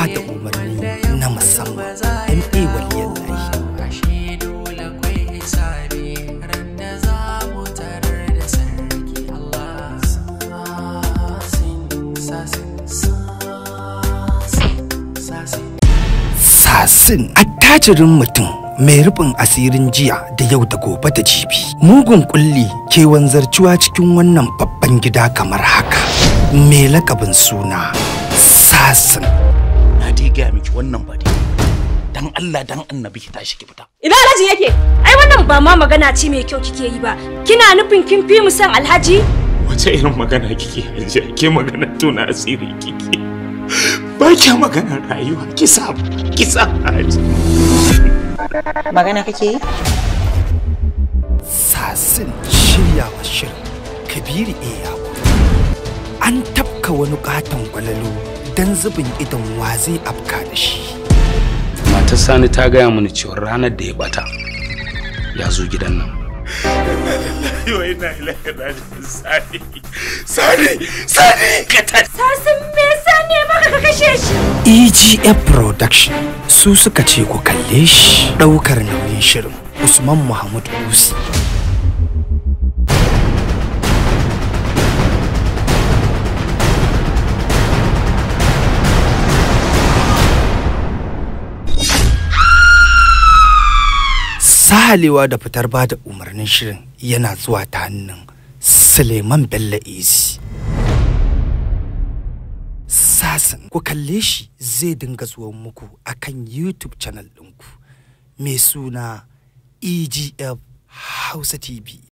ba da umarni na musamman ma Sassin Sasin tajirin mutum mai rufin asirin jiya da yau da gobe da jibi. Mugun kulli ke wanzarciwa cikin wannan babban gida kamar haka. Mai lakabin suna Sasin. nake gaya miki wannan ba dan Allah dan annabi ki tashi ki fita ina alhaji yake ai wannan ba ma magana ce mai kyau kike yi ba kina nufin kin fi mu san alhaji wace irin magana kike hajiya ke magana tona asiri kike ba kya magana rayuwa ki sa ki sa magana kake yi sasin shiryawa shirin kabiru iya an tafka wani katon gwalalo dan zubin idan wa zai afka da shi matar sani ta gaya mini cewa ranar da ya bata ya zo gidan nan Sani, sani, sani, me sani ba ka kashe shi. EGF Production su suka ce ku kalle shi ɗaukar nauyin shirin Usman Muhammad Usi. sahalewa da fitar ba da umarnin shirin yana zuwa ta hannun suleiman bello isi Sassan ku kalle shi zai dinga zuwan muku a kan youtube channel ɗinku mai suna egf hausa tv